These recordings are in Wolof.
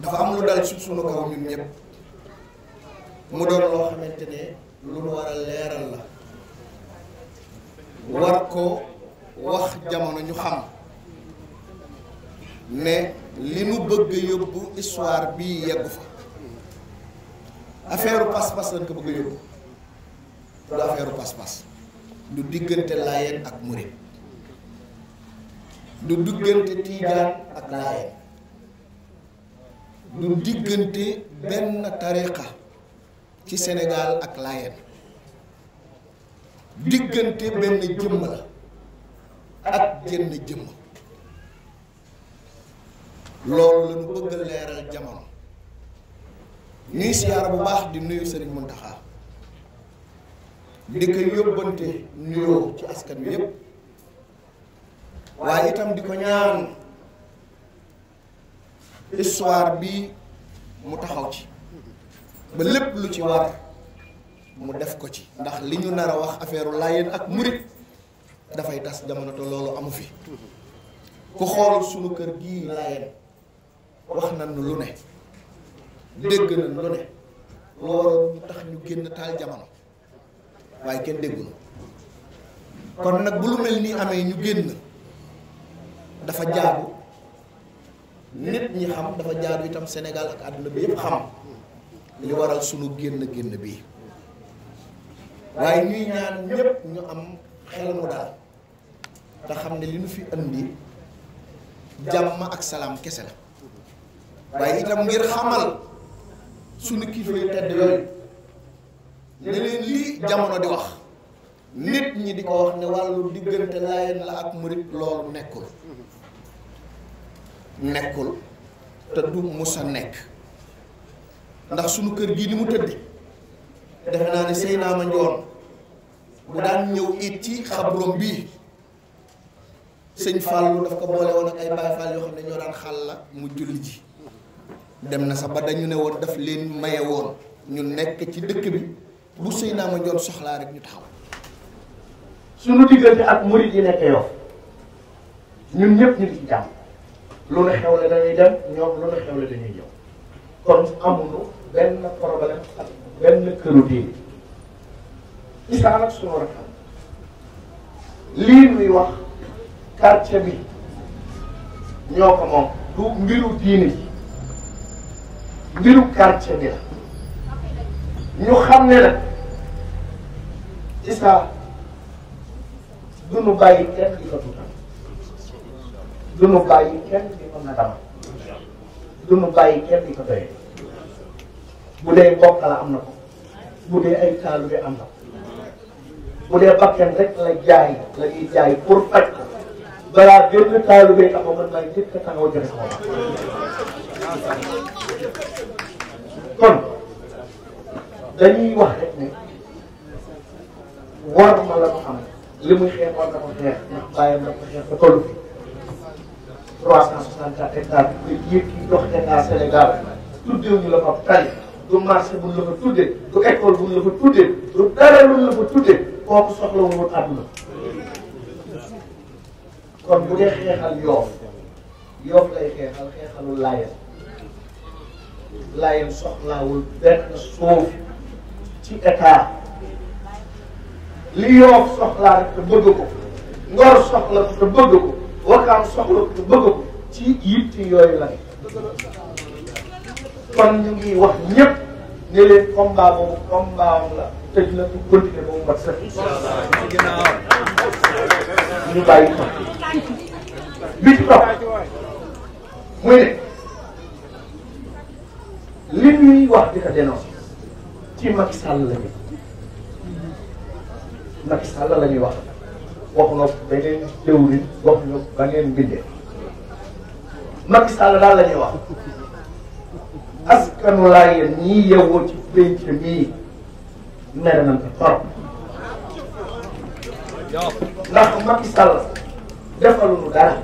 dafa am lu dal ci sunu kaw ñun ñëpp mu doon loo xamante ne lu nu war a leeral la war ko wax jamono ñu xam ne li nu bëgg yóbbu histoire bi yeggu fa affaire pas-pas lañ ko bëgg yóbbu du affaire pas-pas du diggante laayeen ak murit du diggante tiijaan ak laayeen du diggante benn tariqa ci senegaal ak Laayeen diggante benn jëmm la ak jenn jëmm loolu la ñu leeral jamono ñuy siyaar bu baax di nuyu Sëriñ Muntaxa di ko yóbbante nuyoo ci askan wi yépp waaye itam di ko ñaan histoire bi mu taxaw ci ba lépp lu ci war mu def ko ci ndax li ñu nar a wax affaire layen ak murit dafay tas jamono te loolu amu fi ku xool sunu kër gi laayeen wax nañ lu ne dégg nañ lu ne loolu ñu tax ñu génn taal jamono waaye kenn déggunu kon nag bu lu mel nii amee ñu génn dafa jaabu nit ñi xam dafa jaar itam Sénégal ak àdduna bi yëpp xam li waral sunu génn génn bi waaye ñuy ñaan ñëpp ñu am xel mu daal te xam ne li ñu fi indi jàmm ak salaam kese la waaye itam ngir xamal sunu kilifa yu tedd yooyu ne leen lii jamono di wax nit ñi di ko wax ne wàllu diggante laayeen la ak murit loolu nekkul nekkul te du sa nekk ndax sunu kër gii ni mu tëdd defe naa ne sëy naa ma njoon bu daan ñëw it ci xabrom bii sëñ Fallou daf ko boole woon ak ay Baye Fall yoo xam ne ñoo daan xàll la mu julli ji dem na sax ba dañu ne woon daf leen maye woon ñu nekk ci dëkk bi bu sëy naa ma njoon soxlaa rek ñu taxaw sunu diggante ak murid yi nekk yow ñun ñëpp ñu ngi jàmm lu nu xew la dañuy dem ñoom lu nu xew la dañuy ñëw kon amuñu benn problème ak benn këru diine isaa nag suñu rakam lii nuy wax quartier bi ñoo ko moom du mbiru diine ji mbiru quartier bi la ñu xam ne nag du nu bàyyi kenn di fa tuutam du nu bàyyi kenn di ko natam du nu bàyyi kenn di ko doyee bu dee mbokk la am na ko bu dee ay taalu bi am na ko bu dee bakkan rek la jaay la jaay pour faj ko balaa benn taalu bi taxaw man maay njëkk a taxaw jëre ko kon dañuy wax rek ne war ma la ko xam li muy xeex war na ko xeex ndax bàyyam na ko xeex ba tollu 364 hectares yëpp dox état Sénégal tuddeewu ñu la fa tali du marché buñ la fa tuddee du école buñ la fa tuddee du dara luñ la fa tuddee kooku soxla wu woon àdduna kon bu dee xeexal yoof yoof lay xeexal xeexalul laayam laayam soxlaawul benn suuf ci état li yoof soxlaa rek te bëgg ko ngor soxla ko te bëgg ko wakaam soxla ko bëgg ko ci yitte yooyu la ne kon ñu ngi wax ñëpp ne leen combat boobu combat am la tëj la pour continuer ba mu mat sax ñu bàyyi ko bi ci topp muy li wax di ko dénoncé ci Macky Sall la ñu Macky Sall la ñuy wax wax na beneen théorie wax na beneen mbindee Macky Sall daal la ñuy wax askanu laa yéen ñii ci pénc mii mere nañ ko trop ndax Macky Sall defaluñu dara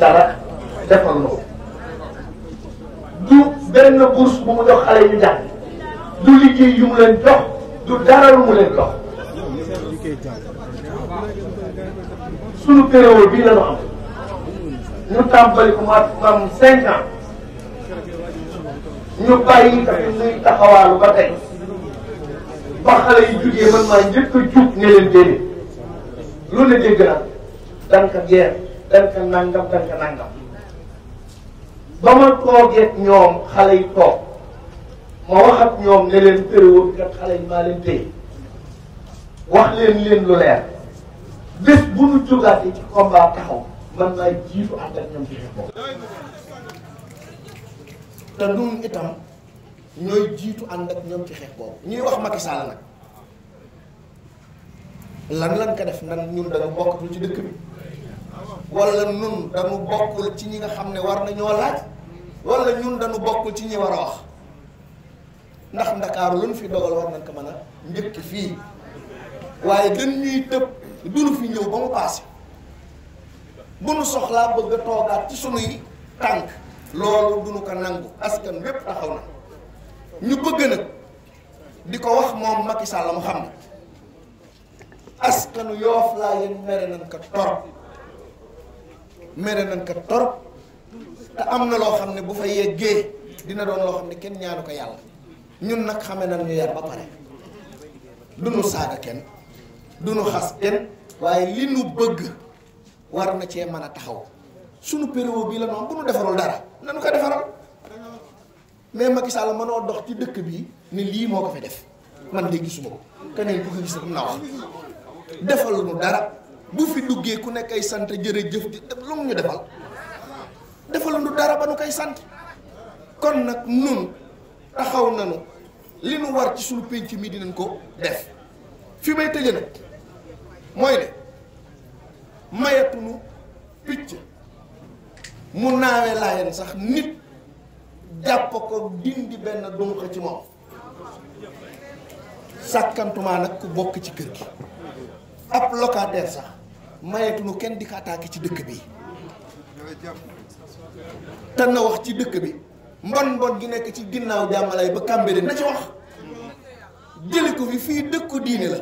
dara defaluñu ko du benn bourse bu mu jox xale ñu jàng du yu mu leen jox du dara lu mu leen jox suñu période bii la ñu ñu tàmbali ko maanaam cinq ans ñu bàyyi tamit muy taxawaalu ba tey ba xale yi jugee man maa njëkk a ne leen déedéet loolu la dégg naa danka geer danka nangam danka nangam ba ma toogeeg ñoom xale yi toog ma wax ñoom ne leen période kat xale yi maa leen téye wax leen leen lu leer. bés bu nu jógaatee ci combat taxaw man maay jiitu ànd ak ñoom ci xeex boobu jiitu ànd ñoom ci xeex boobu ñuy wax Macky nag lan lan ko def nan ñun dañu bokkatul ci dëkk bi walla ñun dañu bokkul ci ñi nga xam ne war nañoo laaj wala ñun dañu bokkul ci ñi war a wax ndax ndakaaru lu ñu fi dogal war nañ ko mën a njëkk fii waaye gën ñuy tëb duñu fi ñëw ba mu paase bu nu soxlaa bëgg toogaat ci sunuy tànk loolu duñu ko nangu askan wépp taxaw na ñu bëgg nag di ko wax moom Macky Sall mu xam ne askanu yoof laa yéen mere nañ ko torop mere nañ ko torop te am na loo xam ne bu fa yeggee dina doon loo xam ne kenn ñaanu ko yàlla ñun nag xame na ñu yar ba pare duñu saaga kenn du nu xas kenn waaye li nu bëgg war na cee mën a taxaw sunu période bii la noonu bu nu defarul dara nanu ko defaral mais Macky Sall mënoo dox ci dëkk bi ni lii moo ko fi def man de gisuma ko keneen ku ko gis na wax dara bu fi ku nekk ay sant jërëjëf di lu mu ñu defal defalu nu dara ba nu koy sant kon nag nun taxaw nanu li nu war ci sunu pénc mi dinañ ko def fi may tëje nag mooy ne mayatunu picc mu naawee laayeen sax nit jàpp ko dindi benn dunq ci moom sàkkantumaa nag ku bokk ci kër gi ab locataire sax mayatunu kenn di ko ci dëkk bi te na wax ci dëkk bi mbon mbon gi nekk ci ginnaaw jàmmalay ba Cambérène na ci wax jëli ko fi fii dëkku diine la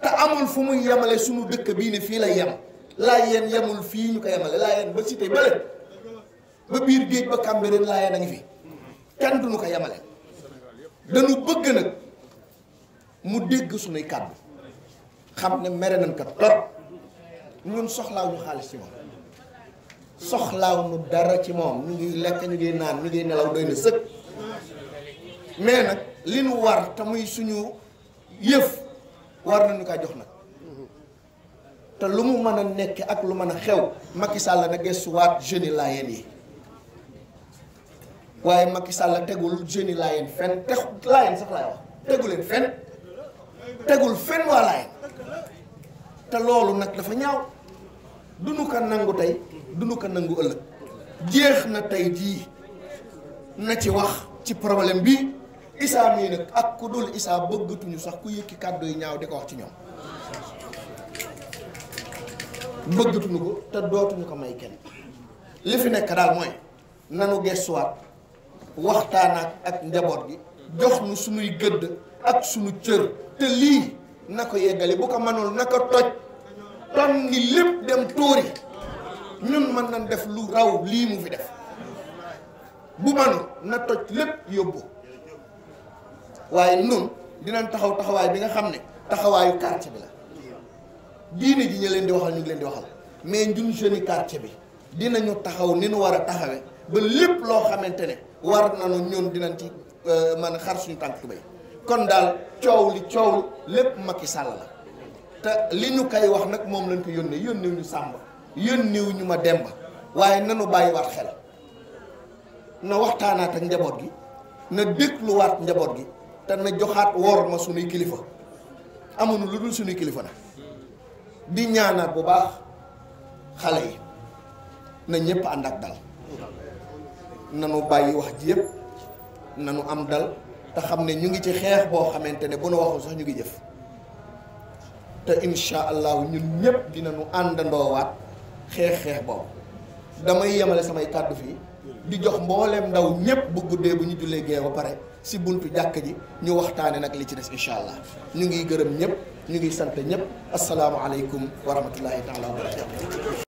te amul fu muy yamale suñu dëkk bii ne fii lay yem laa yeen yemul fii ñu ko yamale laa yeen ba cité bële ba biir géej ba Cambérène laa yeen a ngi fi kenn duñu ko yemale dañu bëgg nag mu dégg suñuy kàddu xam ne mere nañ ko trop ñun soxlaaw ñu xaalis ci moom soxlaaw ñu dara ci moom ñu ngi lekk ñu ngi naan ñu ngi nelaw doy na sëkk mais nag li nu war te muy suñu yëf war nañu kaa jox nag te lu mu mën a nekk ak lu mën a xew Macky Sall na gëstuwaat jeunes yi laayeen yi waaye Macky Sall tegul jeunes yi laayeen fenn te laayeen sax laay wax tegu leen fenn tegul fen waa laayeen te loolu nag dafa ñaaw duñu ko nangu tey duñu ko nangu ëllëg jeex na tey jii na ci wax ci problème bi isaa mii nag ak ku dul isaa bëggatuñu sax ku yëkki kàddu yu ñaaw di ko wax ci ñoom bëggatuñu ko te dootuñu ko may kenn li fi nekk daal mooy nanu gestuwaat waxtaanaat ak njaboot gi jox nu suñuy gëdd ak suñu cër te lii na ko yeggali bu ko mënul na ko toj ton ni lépp dem tuuri ñun mën nañ def lu raw lii mu fi def bu mënul na toj lépp yóbbu waaye nun dinañ taxaw taxawaay bi nga xam ne taxawaayu quartier bi la diine ji ñu leen di waxal ñu ngi leen di waxal mais ñun jeunes quartier bi dinañu taxaw ni nu war a taxawee ba lépp loo xamante ne war nañu ñun dinañ ci euh, mën a xar suñu tànk tubéy kon daal coow li coow lépp Macky sàll la te li ñu koy wax nag moom lañ ko yónnee yónneewu ñu Samba yónneewu ñu ma Demba waaye bàyyi bàyyiwaat xel na waxtaanaat ak njaboot gi na dégluwaat njaboot gi. te na joxaat woor ma sunuy kilifa amuñu lu dul sunuy kilifa nag di ñaanaat bu baax xale yi na ñëpp ànd ak dal nanu bàyyi wax ji yëpp nanu am dal te xam ne ñu ngi ci xeex boo xamante ne bu nu waxul sax ñu ngi jëf te insha allahu ñun ñëpp dinañu àndandoowaat xeex xeex boobu damay yemale samay kàddu fii di jox mbooleem ndaw ñëpp bu guddee bu ñu jullee gee ba pare si buntu jàkk ji ñu waxtaane nag li ci des incha allah ñu ngi gërëm ñëpp ñu ngi sant ñëpp asalaamualeykum aleykum rahmatullahi taala wa barakatu